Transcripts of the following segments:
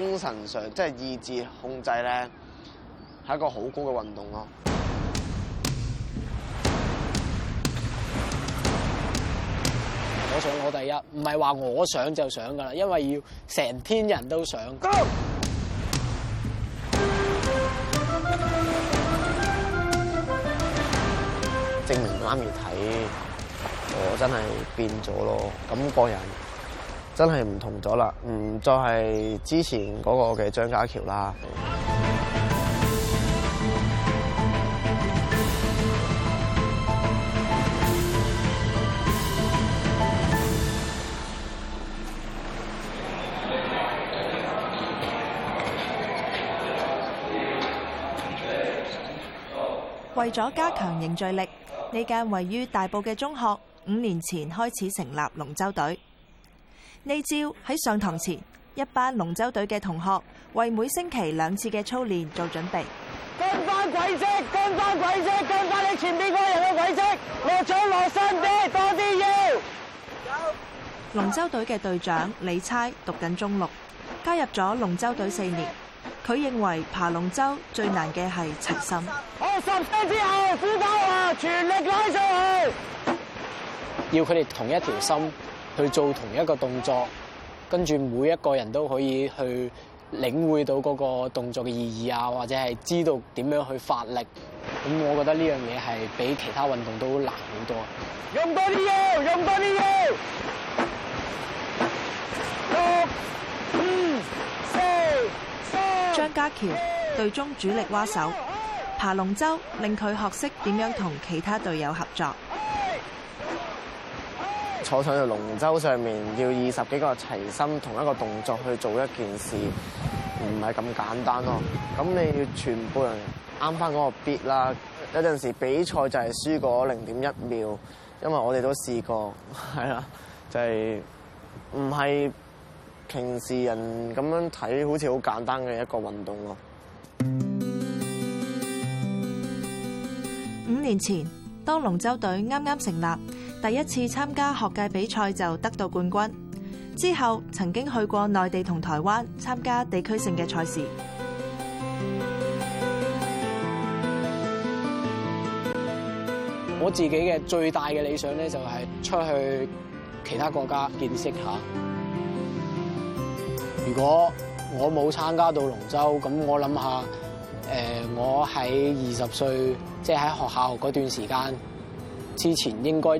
精神上即係意志控制咧，係一個好高嘅運動咯、啊。我想我第一，唔係話我想就想㗎啦，因為要成天人都想 go 證明媽咪睇我真係變咗咯，咁個人。真係唔同咗啦，唔再係之前嗰個嘅張家喬啦。為咗加強凝聚力，呢間位於大埔嘅中學五年前開始成立龍舟隊。呢朝喺上堂前，一班龍舟隊嘅同學為每星期兩次嘅操練做準備。跟翻軌跡，跟翻軌跡，跟翻你前面嗰人嘅軌跡，落槳落深啲，多啲腰。龍舟隊嘅隊長李偲讀緊中六，加入咗龍舟隊四年。佢認為爬龍舟最難嘅係齊心。我十圈之後，師傅啊，全力拉上去。要佢哋同一條心。去做同一個動作，跟住每一個人都可以去領會到嗰個動作嘅意義啊，或者係知道點樣去發力。咁我覺得呢樣嘢係比其他運動都難好多。用多啲腰，用多啲腰。三、二、張家橋隊中主力蛙手，爬龍舟令佢學識點樣同其他隊友合作。坐上去龍舟上面，要二十幾個齊心同一個動作去做一件事，唔係咁簡單咯。咁你要全部人啱翻嗰個 beat 啦。有陣時比賽就係輸過零點一秒，因為我哋都試過，係啦，就係唔係平時人咁樣睇，好似好簡單嘅一個運動咯。五年前。當龍舟隊啱啱成立，第一次參加學界比賽就得到冠軍。之後曾經去過內地同台灣參加地區性嘅賽事。我自己嘅最大嘅理想咧，就係出去其他國家見識下。如果我冇參加到龍舟，咁我諗下。誒，我喺二十歲，即係喺學校嗰段時間之前，應該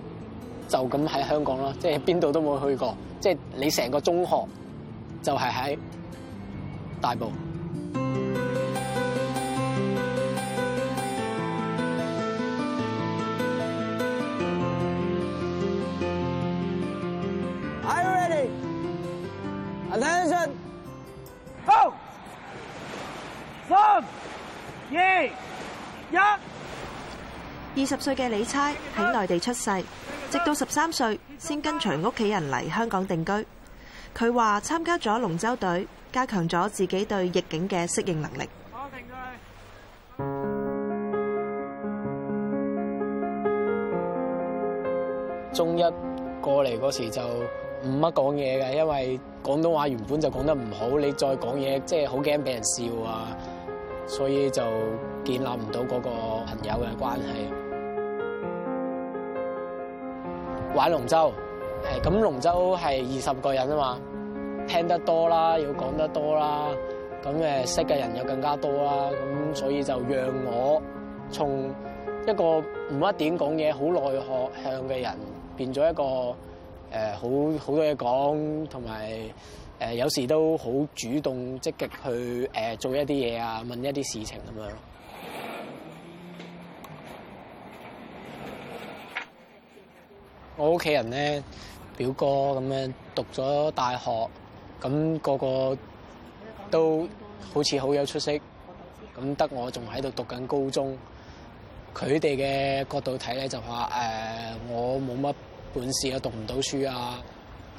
就咁喺香港咯，即係邊度都冇去過，即係你成個中學就係喺大埔。二十歲嘅李偲喺內地出世，直到十三歲先跟隨屋企人嚟香港定居。佢話參加咗龍舟隊，加強咗自己對逆境嘅適應能力。中一過嚟嗰時就唔乜講嘢嘅，因為廣東話原本就講得唔好，你再講嘢即係好驚俾人笑啊，所以就建立唔到嗰個朋友嘅關係。玩龍舟，誒咁龍舟係二十個人啊嘛，聽得多啦，要講得多啦，咁誒識嘅人又更加多啦，咁所以就讓我從一個唔一點講嘢好內學向嘅人變咗一個、呃、好好多嘢講，同埋有、呃、有時都好主動積極去、呃、做一啲嘢啊，問一啲事情咁樣。我屋企人咧，表哥咁樣讀咗大學，咁個個都好似好有出息，咁得我仲喺度讀緊高中。佢哋嘅角度睇咧就話，呃，我冇乜本事啊，讀唔到書啊，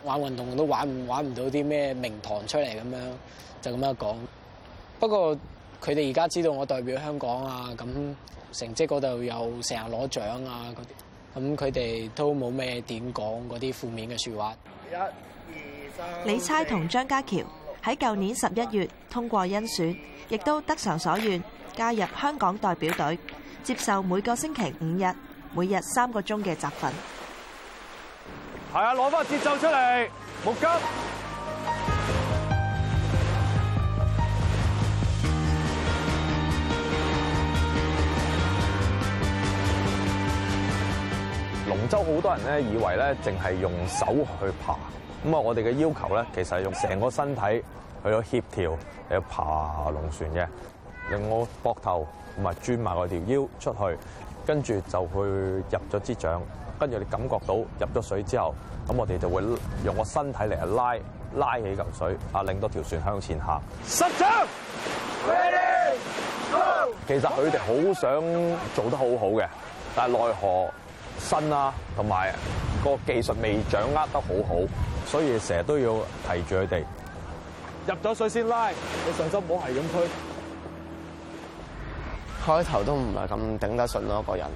玩運動都玩唔玩唔到啲咩名堂出嚟咁樣，就咁樣講。不過佢哋而家知道我代表香港啊，咁成績嗰度又成日攞獎啊嗰啲。咁佢哋都冇咩點講嗰啲負面嘅說話。李偲同張家橋喺舊年十一月通過甄選，亦都得償所願加入香港代表隊，接受每個星期五日，每日三個鐘嘅集訓。係啊，攞翻節奏出嚟，木吉。廣州好多人咧，以為咧淨係用手去爬，咁啊，我哋嘅要求咧，其實係用成個身體去協調去爬龍船嘅，令我膊頭唔係轉埋個條腰出去，跟住就去入咗支掌，跟住你感覺到入咗水之後，咁我哋就會用個身體嚟拉拉起嚿水啊，令到條船向前行。十掌，ready go。其實佢哋好想做得好好嘅，但係奈何。新啦、啊，同埋個技術未掌握得好好，所以成日都要提住佢哋入咗水先拉。你上手唔好係咁推，開頭都唔係咁頂得順咯。一個人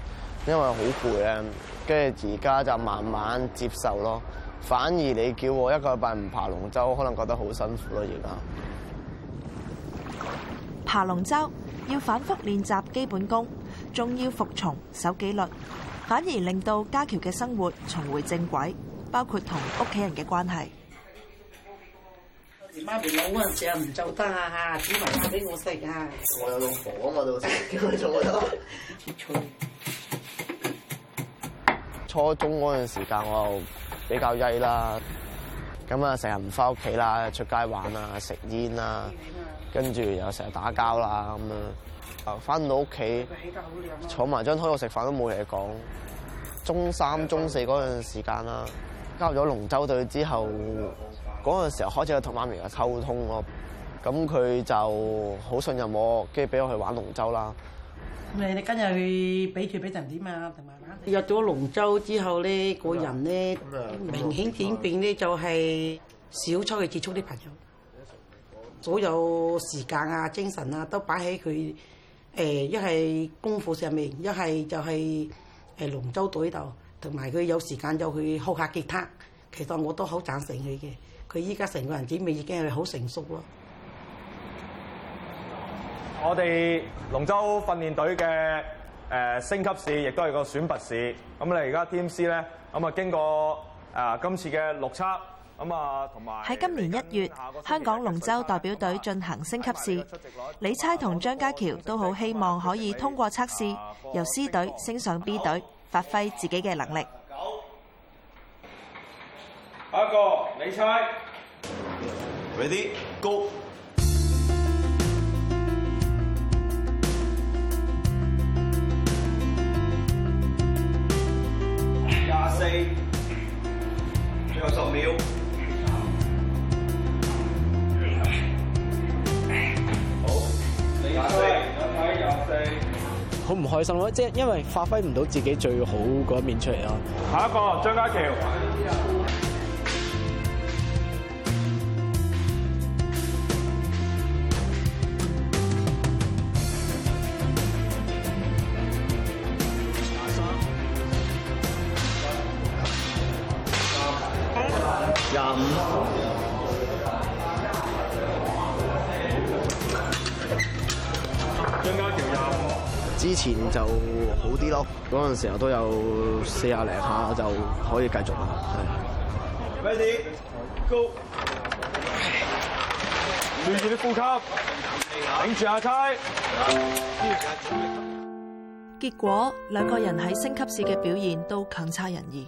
因為好攰呀，跟住而家就慢慢接受咯。反而你叫我一個禮拜唔爬龍舟，可能覺得好辛苦咯。而家爬龍舟要反覆練習基本功，仲要服從守紀律。反而令到家喬嘅生活重回正軌，包括同屋企人嘅關係。以前媽咪老嗰陣時啊，唔就得啊，煮埋飯俾我食啊。我有棟房啊嘛，到時點去做啊？唔錯。初中嗰陣時間，我就比較曳啦，咁啊成日唔翻屋企啦，出街玩啊，食煙啦，跟住又成日打交啦咁啊。啊！翻到屋企坐埋張台度食飯都冇嘢講。中三、中四嗰陣時間啦，加入咗龍舟隊之後，嗰陣時候開始去同媽咪啊溝通咯。咁佢就好信任我，跟住俾我去玩龍舟啦。咪你今日去比賽俾陣點啊？同埋入咗龍舟之後咧，個人咧明顯轉變咧就係少出去接觸啲朋友，所有時間啊、精神啊都擺喺佢。誒一係功課上面，一係就係誒龍舟隊度，同埋佢有時間就去學下吉他。其實我都好贊成佢嘅，佢依家成個人展面已經係好成熟咯。我哋龍舟訓練隊嘅誒、呃、升級試，亦都係個選拔試。咁你而家 T.M.C 咧，咁啊經過啊、呃、今次嘅六測。咁啊，同埋喺今年一月，香港龍舟代表隊進行升級試，李偲同張家喬都好希望可以通過測試，由 C 隊升上 B 隊，發揮自己嘅能力。阿哥，李偲 ready go，廿四，24，最後十秒。好唔開心咯，即係因為發揮唔到自己最好嗰一面出嚟咯。下一個，張家琪。嗰陣時候都有四廿零下就可以繼續啦。開始，Go，練住啲呼吸，頂住阿差。結果兩個人喺升級試嘅表現都強差人意。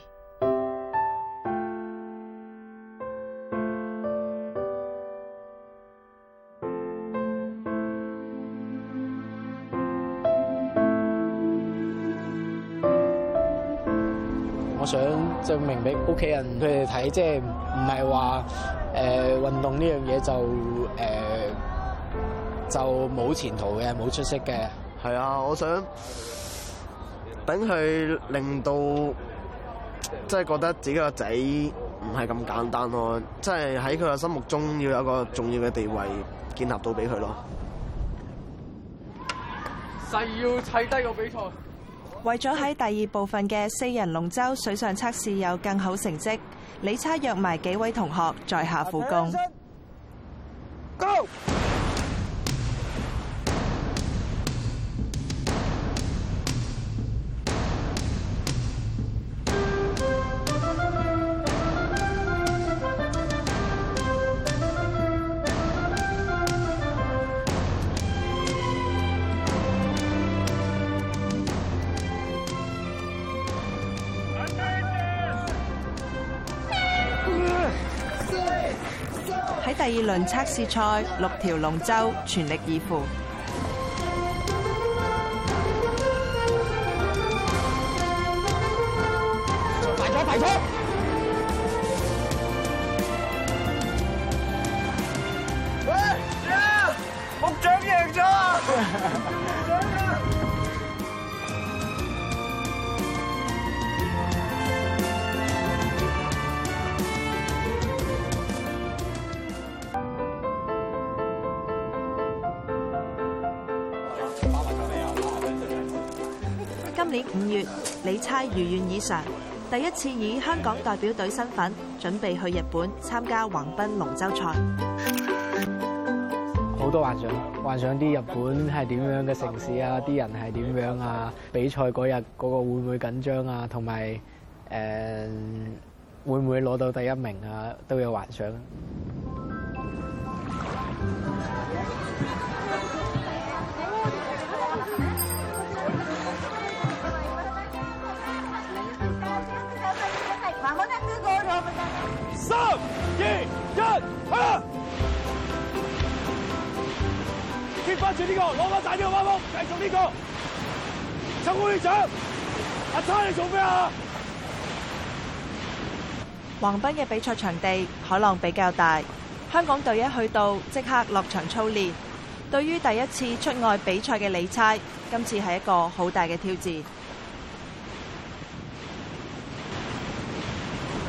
證明俾屋企人佢哋睇，即係唔係話誒運動呢樣嘢就誒、呃、就冇前途嘅，冇出息嘅。係啊，我想等佢令到即係、就是、覺得自己個仔唔係咁簡單咯，即係喺佢嘅心目中要有一個重要嘅地位建立到俾佢咯。誓要砌低個比賽！為咗喺第二部分嘅四人龍舟水上測試有更好成績，李偲約埋幾位同學在下苦功。輪測試賽，六條龍舟全力以赴。李偲如願以償，第一次以香港代表隊身份準備去日本參加橫濱龍舟賽。好多幻想，幻想啲日本係點樣嘅城市啊，啲人係點樣啊，比賽嗰日嗰個會唔會緊張啊，同埋誒會唔會攞到第一名啊，都有幻想。 啊！接返住呢個，攞返大呢個花苞，繼續呢個。陳會長，阿偲你做咩啊？橫濱嘅比賽場地海浪比較大，香港隊一去到即刻落場操練。對於第一次出外比賽嘅李偲，今次係一個好大嘅挑戰。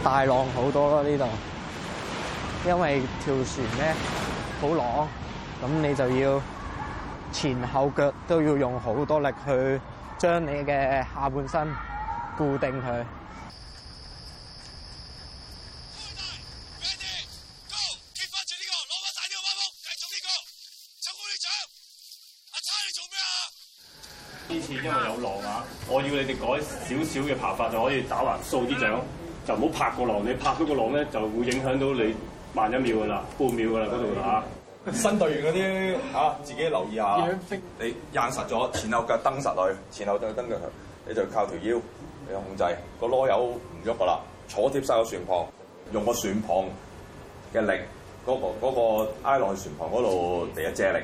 大浪好多咯，呢度。因為條船咧好浪，咁你就要前後腳都要用好多力去將你嘅下半身固定佢。住呢、呢個，攞個大啲嘅花苞，呢、呢個，阿差你做咩啊？之前因為有浪啊，我要你哋改少少嘅爬法就可以打橫掃啲掌，就唔好拍個浪。你拍咗個浪咧，就會影響到你。慢一秒噶啦，半秒噶啦，嗰度嚇。新隊員嗰啲自己留意下。你硬實咗前後腳蹬實佢，前後腳蹬嘅時，你就靠條腰你控制個囉柚唔喐噶啦。坐貼晒個船旁，用個船旁嘅力，嗰、嗰個嗰、嗰個挨落去船旁嗰度一借力，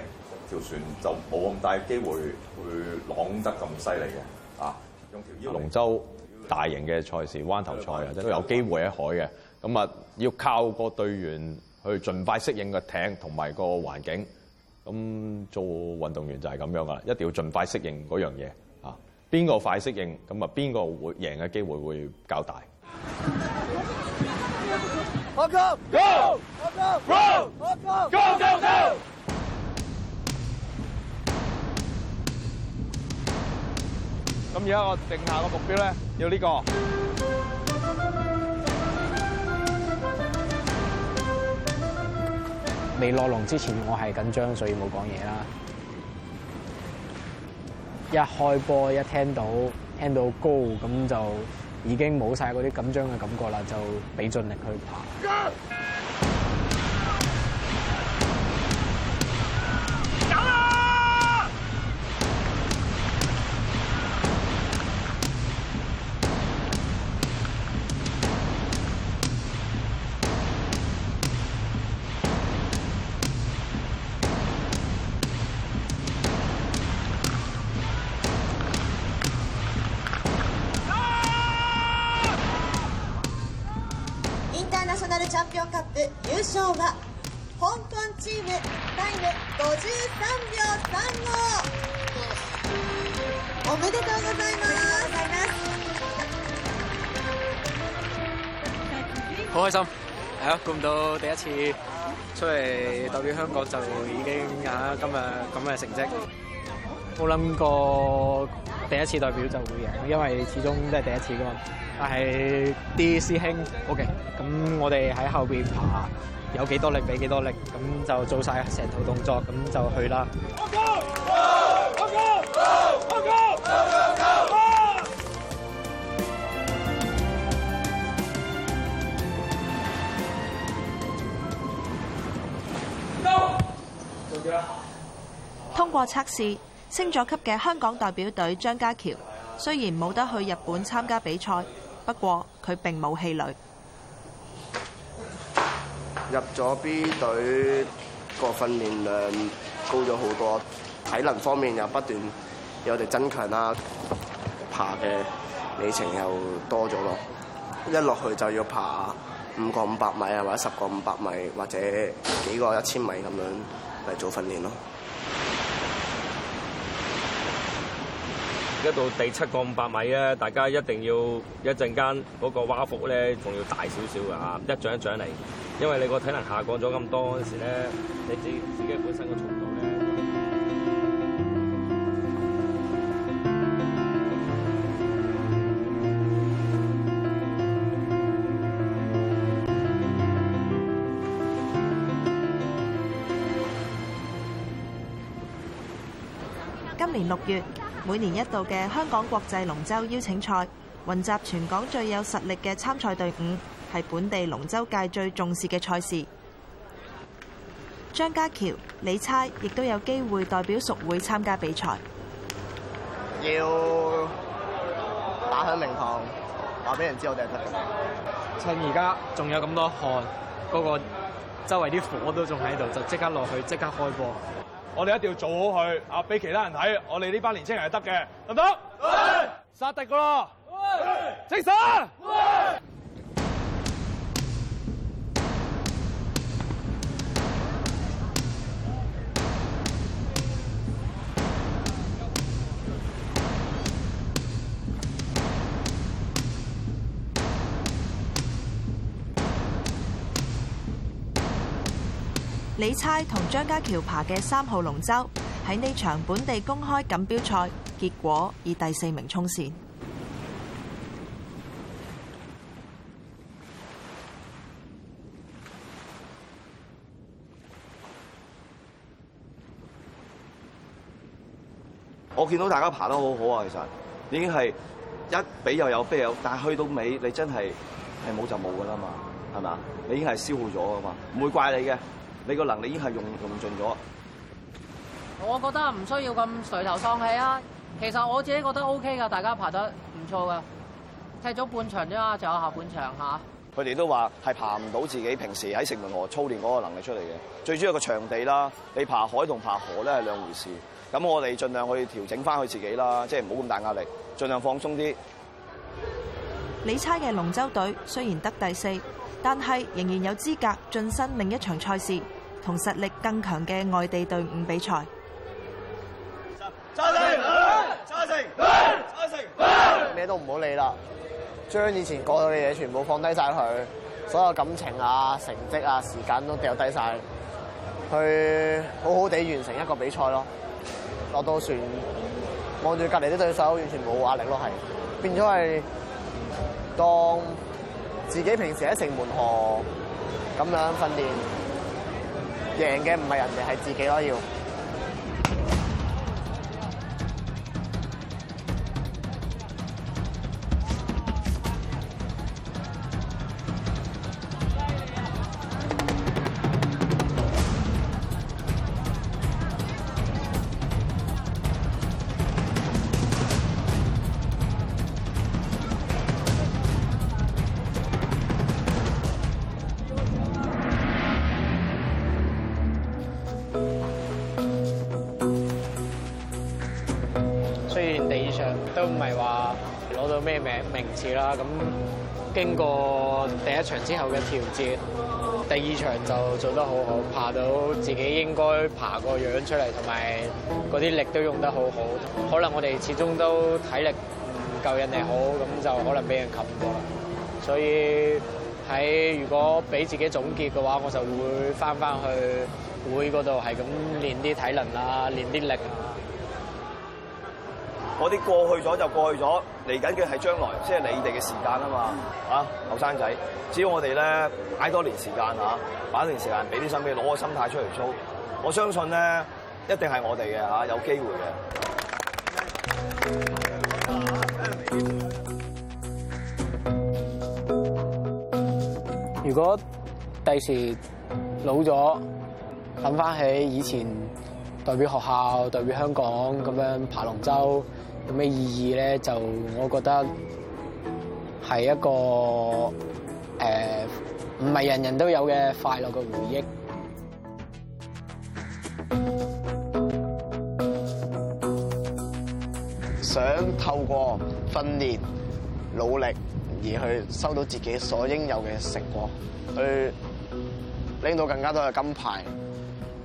條船就冇咁大機會會浪得咁犀利嘅。啊，用條腰。龍舟大型嘅賽事，灣頭賽啊，都都有機會喺海嘅。咁啊，要靠個隊員去盡快適應個艇同埋個環境。咁做運動員就係咁樣噶喇，一定要盡快適應嗰樣嘢。嚇，邊個快適應，咁啊，邊個會贏嘅機會會較大。Okay, go, okay, go, okay, go, go, go, go。咁而家我定下個目標咧，要呢個。未落龍之前，我係緊張，所以冇講嘢啦。一開波，一聽到聽到高，咁就已經冇晒嗰啲緊張嘅感覺啦，就俾盡力去爬。好開心，係啊！估唔到第一次出嚟代表香港就已經有今日咁嘅成績。冇諗過第一次代表就會贏，因為始終都係第一次㗎嘛。但係啲師兄 OK，咁我哋喺後邊爬，有幾多力俾幾多力，咁就做晒成套動作，咁就去啦。通過測試，升座級嘅香港代表隊張家喬雖然冇得去日本參加比賽，不過佢並冇氣餒。入咗 B 隊個訓練量高咗好多，體能方面又不斷有哋增強啦，爬嘅里程又多咗咯。一落去就要爬五個五百米啊，或者十個五百米，或者幾個一千米咁樣嚟做訓練咯。一到第七個五百米咧，大家一定要一陣間嗰個蛙腹咧，仲要大少少嘅嚇，一掌一掌嚟，因為你個體能下降咗咁多嗰陣時咧，你自己自己本身個速度咧。今年六月。每年一度嘅香港國際龍舟邀請賽，雲集全港最有實力嘅參賽隊伍，係本地龍舟界最重視嘅賽事。張家橋、李偲亦都有機會代表屬會參加比賽。要打響名堂，話俾人知我哋係。趁而家仲有咁多汗，嗰個周圍啲火都仲喺度，就即刻落去，即刻開波。我哋一定要做好佢，啊！俾其他人睇，我哋呢班年青人係得嘅，得唔得？殺敵噶咯。係，精神。李偲同張家橋爬嘅三號龍舟喺呢場本地公開錦標賽，結果以第四名衝線。我見到大家爬得好好啊，其實已經係一比又有飛有，但係去到尾你真係係冇就冇噶啦嘛，係咪？你已經係消耗咗噶嘛，唔會怪你嘅。你個能力已經係用用盡咗。我覺得唔需要咁垂頭喪氣啊。其實我自己覺得 O K 噶，大家爬得唔錯噶，踢咗半場啫嘛，仲有下半場嚇。啊、佢哋都話係爬唔到自己平時喺城門河操練嗰個能力出嚟嘅。最主要個場地啦，你爬海同爬河咧係兩回事。咁我哋盡量去調整翻佢自己啦，即係唔好咁大壓力，盡量放鬆啲。李偲嘅龍舟隊雖然得第四，但係仍然有資格晉身另一場賽事。同實力更強嘅外地隊伍比賽。揸咩都唔好理啦，將以前過到嘅嘢全部放低晒佢，所有感情啊、成績啊、時間都掉低晒，去好好地完成一個比賽咯。落到船，望住隔籬啲對手，完全冇壓力咯，係變咗係當自己平時喺城門河咁樣訓練。贏嘅唔係人哋，係自己。我要。經過第一場之後嘅調節，第二場就做得好好，爬到自己應該爬個樣出嚟，同埋嗰啲力都用得好好。可能我哋始終都體力唔夠人哋好，咁就可能俾人冚過啦。所以喺如果俾自己總結嘅話，我就會翻翻去會嗰度係咁練啲體能啦，練啲力啊。嗰啲過去咗就過去咗，嚟緊嘅係將來，即係你哋嘅時間啊嘛，啊後生仔，只要我哋咧捱多年時間啊捱一段時間，俾啲心機，攞個心態出嚟操，我相信咧一定係我哋嘅有機會嘅。如果第時老咗，諗翻起以前代表學校、代表香港咁樣爬龍舟。嗯有咩意義咧？就我覺得係一個誒，唔係人人都有嘅快樂嘅回憶。想透過訓練、努力而去收到自己所應有嘅成果，去拎到更加多嘅金牌，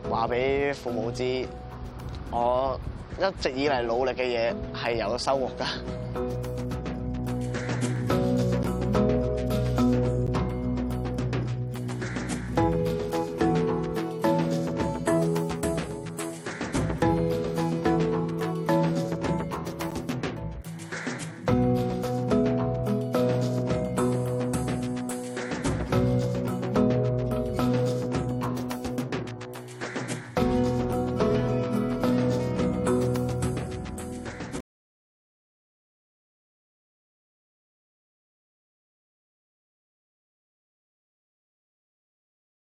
話俾父母知我，一直以嚟努力嘅嘢係有收穫㗎。